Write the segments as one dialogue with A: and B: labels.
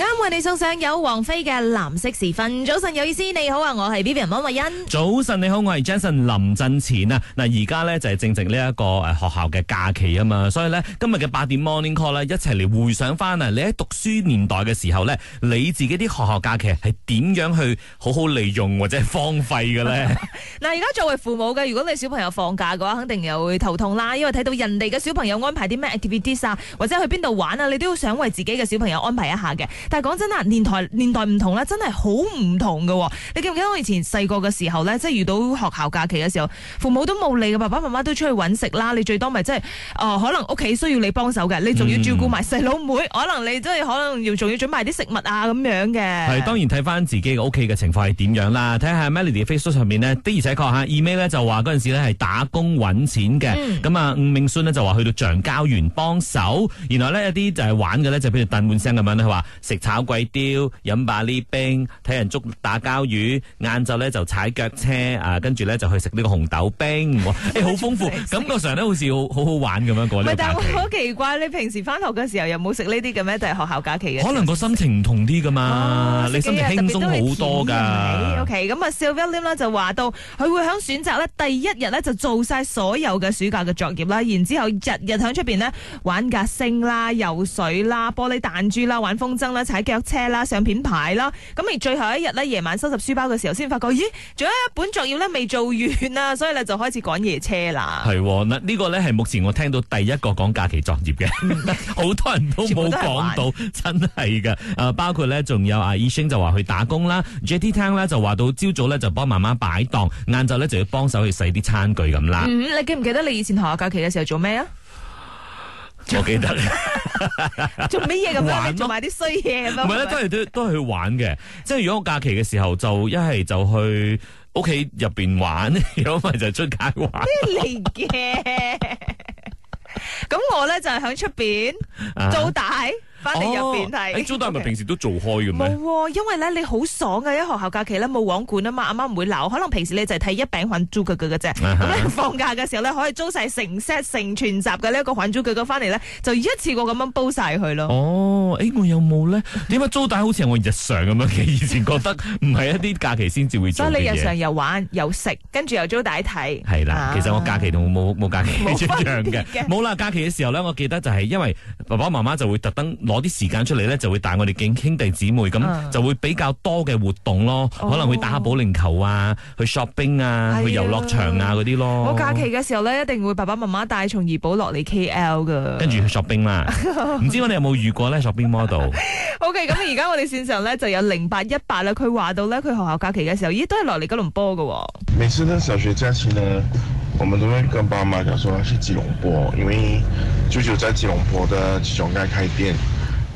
A: 啱，為你送上由王菲嘅《藍色時分》。早晨有意思，你好啊，我係 Vivian 溫慧欣。
B: 早晨你好，我係 Jason 林振前啊。嗱，而家咧就係正值呢一個誒學校嘅假期啊嘛，所以咧今日嘅八點 morning call 咧一齊嚟回想翻啊！你喺讀書年代嘅時候咧，你自己啲學校假期係點樣去好好利用或者係荒廢嘅
C: 咧？
A: 嗱，而家作為父母嘅，如果你小朋友放假嘅話，肯定又會頭痛啦，因為睇到人哋嘅小朋友安排啲咩 activities 啊，或者去邊度玩啊，你都要想為自己嘅小朋友安排一下嘅。但係講真啊，年代年代唔同啦，真係好唔同喎。你記唔記得我以前細個嘅時候咧，即係遇到學校假期嘅時候，父母都冇你嘅，爸爸媽媽都出去揾食啦。你最多咪即係，誒可能屋企需要你幫手嘅，你仲要照顧埋細佬妹，可能你真係可能要仲要準備啲食物啊咁樣嘅。係當
B: 然睇翻自己嘅屋企嘅情況係點樣啦，睇下 Melody Facebook 上面呢，的而且確嚇，二妹呢就話嗰陣時呢係打工揾錢嘅，咁啊吳明宣呢就話去到橡膠園幫手，原來呢，一啲就係玩嘅呢，就譬如掟碗聲咁樣，佢話食。炒鬼雕、飲把利冰、睇人捉打膠魚，晏晝咧就踩腳車啊！跟住咧就去食呢個紅豆冰，誒好、欸、豐富，感覺上咧好似好好好玩咁樣過呢個假期。唔係，但係好
A: 奇怪，你平時翻學嘅時候有冇食呢啲咁咩？就係、是、學校假期嘅。可能個心
B: 情唔同啲噶嘛，啊、你心情輕鬆好多㗎。O K，
A: 咁啊，啊 Sullivan 就話到，佢會響選擇咧第一日咧就做晒所有嘅暑假嘅作業啦，然之後日日響出面呢玩架星啦、游水啦、玻璃彈珠啦、玩風箏啦。踩腳車啦，上片牌啦，咁而最後一日咧，夜晚收拾書包嘅時候，先發覺咦，仲有一本作業咧未做完啊，所以咧就開始趕夜車啦。
B: 係嗱，呢個咧係目前我聽到第一個講假期作業嘅，好 多人都冇講到，真係噶。啊，包括咧仲有阿 Eason 就話去打工啦，Jetty Tang 就話到朝早咧就幫媽媽擺檔，晏晝咧就要幫手去洗啲餐具咁啦、嗯。
A: 你記唔記得你以前下假期嘅時候做咩啊？
B: 做 我記得
A: 做乜嘢咁啊？ 做埋啲衰嘢咁，唔係咧，都係
B: 都都係去玩嘅。即係如果我假期嘅時候，就一係就去屋企入邊玩，如果唔係就出街玩。咩
A: 嚟嘅？咁 我咧就係喺出邊做大。翻嚟入邊睇。誒，租
B: 帶係咪平時都做開嘅咩？
A: 冇，因為咧你好爽嘅，喺學校假期咧冇網管啊嘛，阿媽唔會鬧，可能平時咧就係睇一餅款租劇嘅嘅啫。咁咧放假嘅時候咧，可以租晒成 set 成全集嘅呢一個番租劇嘅翻嚟咧，就一次過咁樣煲晒佢咯。
B: 哦，誒，我有冇咧？點解租帶好似係我日常咁樣嘅？以前覺得唔係一啲假期先至會做嘅嘢。所以你日常又
A: 玩又食，跟住又租帶睇。係啦，其實我
B: 假期同冇冇假期一樣嘅。冇啦，假期嘅時候咧，我記得就係因為爸爸媽媽就會特登。攞啲時間出嚟咧，就會帶我哋見兄弟姊妹咁，嗯、就會比較多嘅活動咯。哦、可能會打下保齡球啊，去 shopping 啊，哎、呀去遊樂場啊嗰啲咯。我假期
A: 嘅時候咧，一定會爸爸媽媽帶從怡保落嚟 KL 噶，嗯、跟住
B: 去 shopping 啦。唔 知道我哋有冇遇過咧 shopping model？OK，
A: okay, 咁而家我哋線上咧就有零八一八啦。佢話到咧，佢學校假期嘅時候，咦都係落嚟吉隆坡噶。
C: 每次咧小學假期咧，我們都會跟爸爸媽講話去吉隆坡，因為舅舅在吉隆坡的吉隆街開店。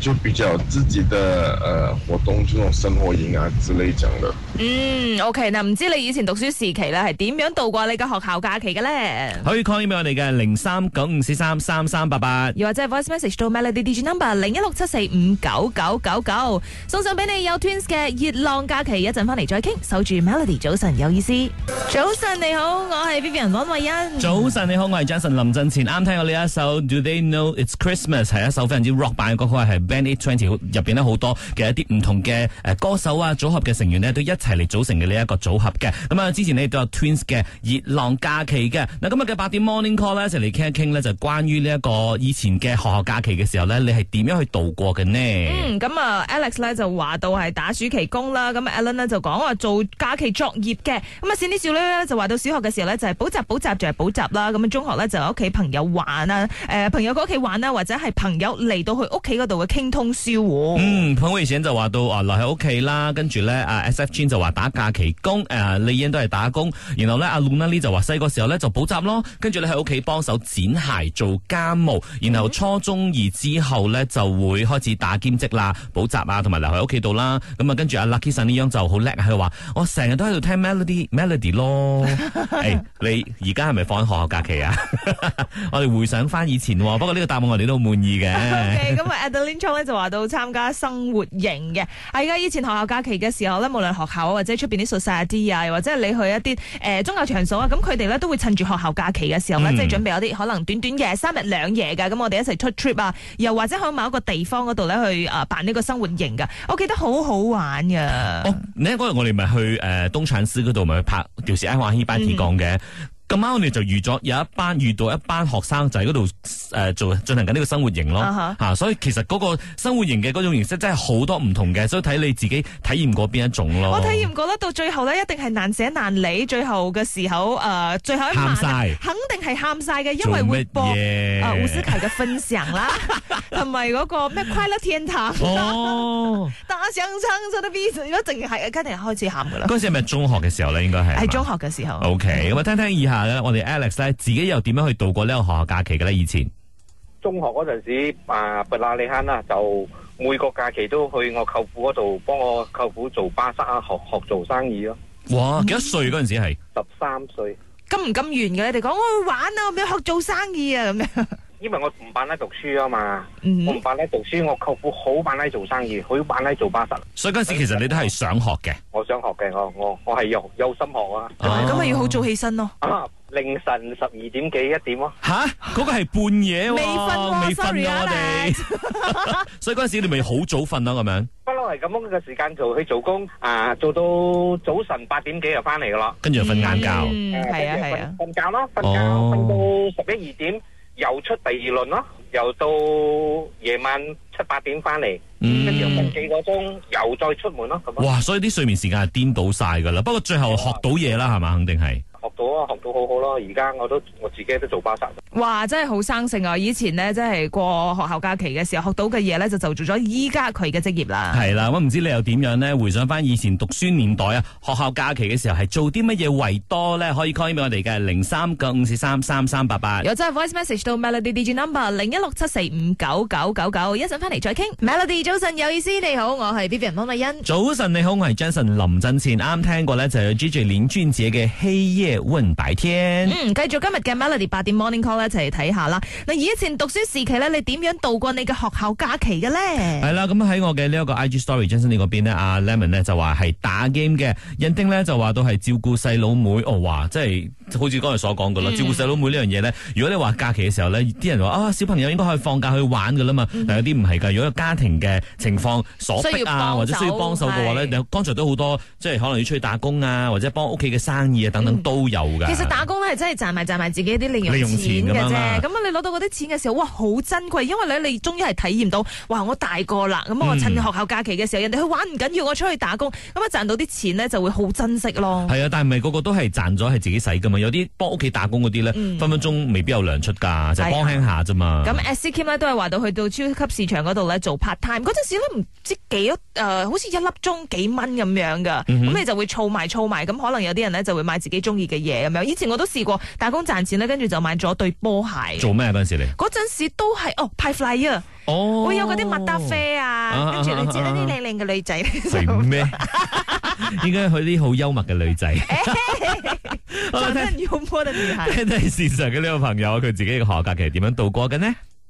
C: 就比較有自己的誒活動，就種生活營啊之類咁嘅。
A: 嗯，OK，嗱，唔知你以前讀書時期咧係點樣度過你嘅學校假期嘅咧？可以 call 起俾我哋嘅零三九五四三三三八八，又或者係 voice message 到 Melody Digi Number 零一六七四五九九九九，送上俾你有 Twins 嘅熱浪假期，一陣翻嚟再傾，守住 Melody，早晨有意思。早晨你好，我係 Vivian 安慧欣。早
B: 晨你好，我係 Jason 林振前，啱聽過呢一首 Do They Know It's Christmas 係一首非常之 rock 版嘅歌曲係。Band Eight Twenty 入面呢好多嘅一啲唔同嘅歌手啊組合嘅成員呢都一齊嚟組成嘅呢一個組合嘅。咁、嗯、啊之前呢都有 Twins 嘅熱浪假期嘅。嗱、嗯、今日嘅八點 Morning Call 呢，一聊一聊呢就嚟傾一傾呢就關於呢一個以前嘅學校假期嘅時候呢你係點樣去度過嘅呢嗯？嗯，
A: 咁啊 Alex 呢就話到係打暑期工啦。咁、嗯、Ellen、e、呢就講話做假期作業嘅。咁啊閃啲少女呢就話到小學嘅時候呢就係、是、補習補習就係補習啦。咁、嗯、啊中學呢就喺屋企朋友玩啊誒、呃、朋友屋企玩啦、啊、或者係朋友嚟到佢屋企嗰度嘅。傾通
B: 宵。嗯，潘偉賢就話到啊，留喺屋企啦，跟住咧阿 SF Chin 就話打假期工，誒、啊，李英都係打工，然後咧阿、啊、Luna 就話細個時候咧就補習咯，跟住咧喺屋企幫手剪鞋做家務，然後初中二之後咧就會開始打兼職啦，補習啊，同埋留喺屋企度啦，咁啊跟住阿 Lucky Sun 呢樣就好叻，喺度話我成日都喺度聽 melody melody 咯。哎、你而家係咪放學假期啊？ 我哋回想翻以前，不過呢個答案我哋都好滿意嘅。咁啊、 okay,
A: 就話到參加生活營嘅，啊，而家以前學校假期嘅時候咧，無論學校或者出邊啲社會啲啊，又或者你去一啲誒，宗、呃、教場所啊，咁佢哋咧都會趁住學校假期嘅時候咧，嗯、即係準備有啲可能短短嘅三日兩夜嘅，咁我哋一齊出 trip 啊，又或者去某一個地方嗰度咧去啊、呃、辦呢個生活營噶，我記得好好玩噶。哦，
B: 你嗰日我哋咪去誒、呃、東廠司嗰度，咪去拍吊石嘅。咁啱我哋就預咗有一班遇到一班學生就喺嗰度誒做進行緊呢個生活營咯、uh huh. 啊、所以其實嗰個生活營嘅嗰種形式真係好多唔同嘅，所以睇你自己體驗過邊一種咯。我體驗
A: 過得到最後咧一定係難捨難離。最後嘅時候誒、呃，最後一晚肯定係喊晒嘅，因為會播啊胡思琪嘅分享啦，同埋嗰個咩快樂天堂，oh. 打家想親親都變咗，一定係家庭開始喊噶啦。
B: 嗰陣係咪中學嘅時候咧？應該係係中學
A: 嘅時候。OK，
B: 咁我聽聽以下。啊、我哋 Alex 咧，自己又點樣去度過呢個學校假期嘅咧？以前
C: 中學嗰陣時，啊，伯拉利坑啦，就每個假期都去我舅父嗰度幫我舅父做巴沙，學學做生意咯。哇，幾多歲嗰陣時？係十三歲，
A: 咁唔咁完嘅？你哋講我玩啊，我咪學做生意啊咁樣。
C: 因為我唔扮得讀書啊嘛，我唔扮得讀書，我舅父好扮得做生意，好扮得做巴士。所以嗰陣時其實你都係想學嘅，我想學嘅，我我我係有有心學啊。咁咪
A: 要好早起身咯，
C: 凌晨十二點幾一點咯。
A: 吓，嗰個係半夜未瞓，
C: 未瞓啊我哋。
B: 所以嗰陣時你咪好早瞓咯，咁樣。
C: 不嬲係咁樣嘅時間做去做工，啊，做到早晨八點幾就翻嚟噶啦，跟住就瞓晏覺，係啊係啊，瞓覺咯，瞓覺瞓到十一二點。又出第二輪咯，又到夜晚七八點翻嚟，跟住又瞓幾個鐘，又再出門咯。哇！所
B: 以啲睡眠時間係顛倒晒噶啦，不過最後學到嘢啦，係嘛的，肯定係。
C: 學到好好咯，而家我都我自
A: 己都做巴薩，哇，真係好生性啊！以前呢，真係過學校假期嘅時候學到嘅嘢呢，就就做咗依家佢嘅職業啦。係
C: 啦，
B: 咁唔知你又點樣呢？回想翻以前讀書年代啊，學校假期嘅時候係做啲乜嘢為多呢，可以 call 畀我哋嘅零三九五四三三三八八。又
A: 真係 voice message 到 melody DJ number 零一六七四五九九九九，一陣翻嚟再傾。Melody 早晨，有意思你好，我係 B B 蒙慧欣。
B: 早晨你好，我係 Jason 林振前。啱聽過呢，就係、是、Gigi 鏈專者嘅希夜白天嗯，
A: 繼續今日嘅 Melody 八點 Morning Call 一齊嚟睇下啦。嗱，以前讀書時期咧，你點樣度過你嘅學校假期嘅咧？
B: 係啦，咁喺我嘅呢一個 IG Story 張生你嗰邊咧，阿、啊、Lemon 呢就話係打 game 嘅。印丁呢就話都係照顧細佬妹哦，話即係。就好似剛才所講嘅啦，嗯、照顧細佬妹呢樣嘢咧，如果你話假期嘅時候咧，啲人話啊、哦、小朋友應該可以放假去玩嘅啦嘛，嗱、嗯、有啲唔係㗎，如果有家庭嘅情況所迫啊，需要或者需要幫手嘅是話咧，剛才都好多，即係可能要出去打工啊，或者幫屋企嘅生意啊等等都有
A: 㗎、嗯。其實打工咧係真係賺埋賺埋自己啲零用錢嘅啫，咁你攞到嗰啲錢嘅時候，哇好珍貴，因為你終於係體驗到，哇我大個啦，咁我趁學校假期嘅時候，嗯、人哋去玩唔緊要，我出去打工，咁啊賺到啲錢咧就會好珍惜咯。
B: 係啊，但係咪個個都係賺咗係自己使㗎嘛？有啲幫屋企打工嗰啲咧，嗯、分分鐘未必有糧出噶，就的幫輕下啫嘛。咁
A: S C Kim 呢都係話到去到超級市場嗰度咧做 part time，嗰陣時咧唔知幾多、呃、好似一粒鐘幾蚊咁樣噶。咁、嗯、哼你就會儲埋儲埋，咁可能有啲人咧就會買自己中意嘅嘢咁樣。以前我都試過，打工賺錢咧，跟住就買咗對波鞋。做
B: 咩嗰陣時你？
A: 嗰陣時都係哦，派 fly、哦、啊，會有嗰啲麥達啡啊，跟住你知啲靚靚嘅女仔。
B: 咩？ 應該係佢啲好幽默嘅女仔。
A: 我聽有、欸、聽摸得耳仔。
B: 聽睇現場嘅呢個朋友，佢自己嘅寒假期係點樣度過嘅呢？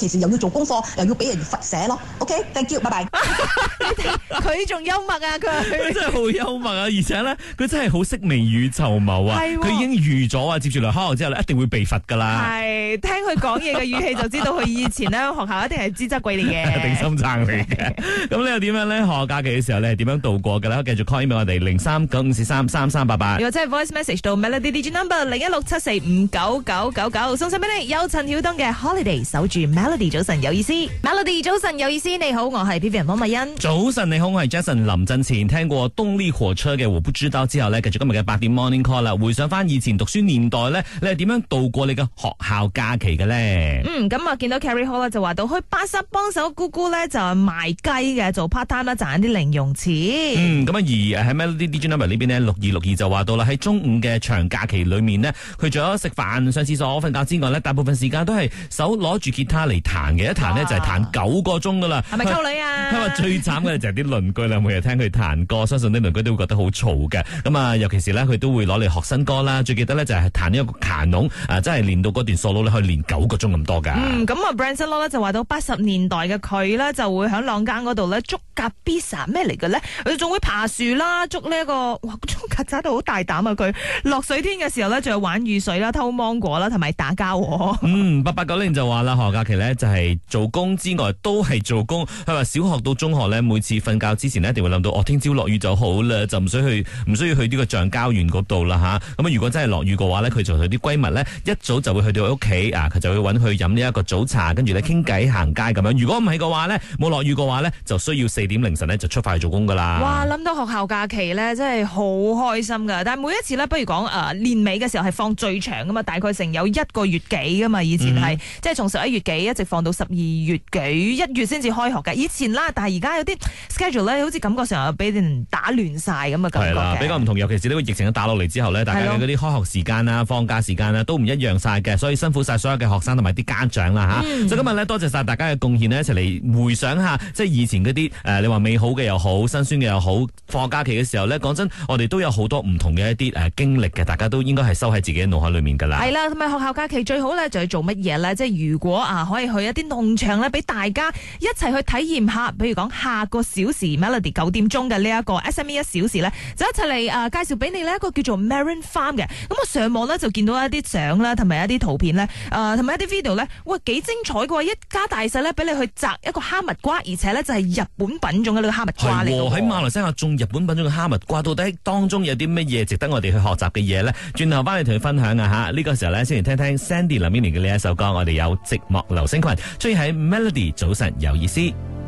A: 其實又要做功課，又要俾人罰寫咯。OK，thank you，拜拜。佢仲
B: 幽默啊！佢真係好幽默啊！而且咧，佢真係好識未雨綢繆啊！佢已經預咗啊，接住嚟開學之後咧，你一定會被罰噶啦。
A: 係聽佢講嘢嘅語氣就知道佢以前咧學校一定係資質貴啲嘅定心
B: 針嚟嘅。咁你又點樣咧？學校假期嘅時候咧，點樣度過㗎啦？繼續 call 俾我哋零三九五四三三三八八。如果
A: 真係 voice message 到 melody D G number 零一六七四五九九九九，送上俾你有陳曉東嘅 holiday 守住 mel。Melody 早晨有意思，Melody 早晨有意思。你好，我係 B B 人方慧茵。
B: 早晨你好，我係 Jason 林振前。聽過動力火車嘅我不知道之後咧，繼續今日嘅八點 Morning Call 啦，回想翻以前讀書年代咧，你係點樣度過你嘅學校假期嘅呢？
A: 咁啊、嗯、見到 Carrie Hall 就話到去巴士幫手姑姑呢，就賣雞嘅，做 part time 啦賺啲零用錢。
B: 咁啊、嗯、而喺 Melody D J Norman 呢邊咧，六二六二就話到啦，喺中午嘅長假期裏面呢，佢除咗食飯、上廁所、瞓覺之外呢，大部分時間都係手攞住吉他嚟。彈嘅一彈呢，彈啊、就係彈九個鐘噶啦，係咪溝女啊？佢話最慘嘅就係啲鄰居啦， 每日聽佢彈歌，相信啲鄰居都會覺得好嘈嘅。咁啊，尤其是咧，佢都會攞嚟學新歌啦。最記得咧就係彈呢一個《卡農》啊，真係練到嗰段 Solo 咧，可以練九個鐘咁多噶。嗯，
A: 咁啊 b r a n t n 就話到八十年代嘅佢咧就會喺浪間嗰度咧捉。甲 b s 咩嚟嘅咧？佢仲會爬樹啦，捉呢、這、一個哇，捉曱甴都好大膽啊！佢落水天嘅時候咧，仲有玩雨水啦，偷芒果啦，同埋打交、啊。
B: 嗯，八八九零就話啦，何假期咧就係、是、做工之外都係做工。佢話小學到中學咧，每次瞓覺之前咧，一定會諗到，我聽朝落雨就好啦，就唔需要去，唔需要去呢個橡膠園嗰度啦，吓。咁啊，如果真係落雨嘅話咧，佢就同啲閨蜜咧一早就會去到佢屋企啊，佢就會揾佢飲呢一個早茶，跟住咧傾偈行街咁樣。如果唔係嘅話咧，冇落雨嘅話咧，就需要。四點凌晨咧就出發去做工噶啦！哇，
A: 諗到學校假期咧，真係好開心噶。但係每一次咧，不如講誒，年尾嘅時候係放最長噶嘛，大概成有一個月幾噶嘛。以前係、嗯、即係從十一月幾一直放到十二月幾一月先至開學嘅。以前啦，但係而家有啲 schedule 咧，好似感覺成日俾人打亂晒咁嘅感覺啦，比
B: 較唔同，尤其是呢個疫情打落嚟之後咧，大家嗰啲開學時間啊、的放假時間啊都唔一樣晒嘅，所以辛苦晒所有嘅學生同埋啲家長啦吓。嗯、所以今日咧，多謝晒大家嘅貢獻呢，一齊嚟回想下即係以前嗰啲。啊、你話美好嘅又好，辛酸嘅又好，放假期嘅時候呢，講真，我哋都有好多唔同嘅一啲誒、啊、經歷嘅，大家都應該係收喺自己腦海裏面噶啦。係
A: 啦，同埋學校假期最好呢，就係做乜嘢呢？即係如果啊，可以去一啲農場呢，俾大家一齊去體驗下。比如講下個小時 Melody 九點鐘嘅呢一個 SME 一小時呢，就一齊嚟誒介紹俾你呢一個叫做 Marin Farm 嘅。咁我上網呢，就見到一啲相啦，同埋一啲圖片呢，誒、呃，同埋一啲 video 呢。哇，幾精彩嘅，一家大細呢，俾你去摘一個哈密瓜，而且呢，就係、是、日本。品種嘅
B: 呢個哈密瓜喺、啊、馬來西亞種日本品種嘅哈密瓜，到底當中有啲乜嘢值得我哋去學習嘅嘢咧？轉頭翻嚟同你分享啊吓，呢個時候咧先嚟聽聽 Sandy 林憶蓮嘅呢一首歌，我哋有寂寞流星群，中意喺 Melody 早晨有意思。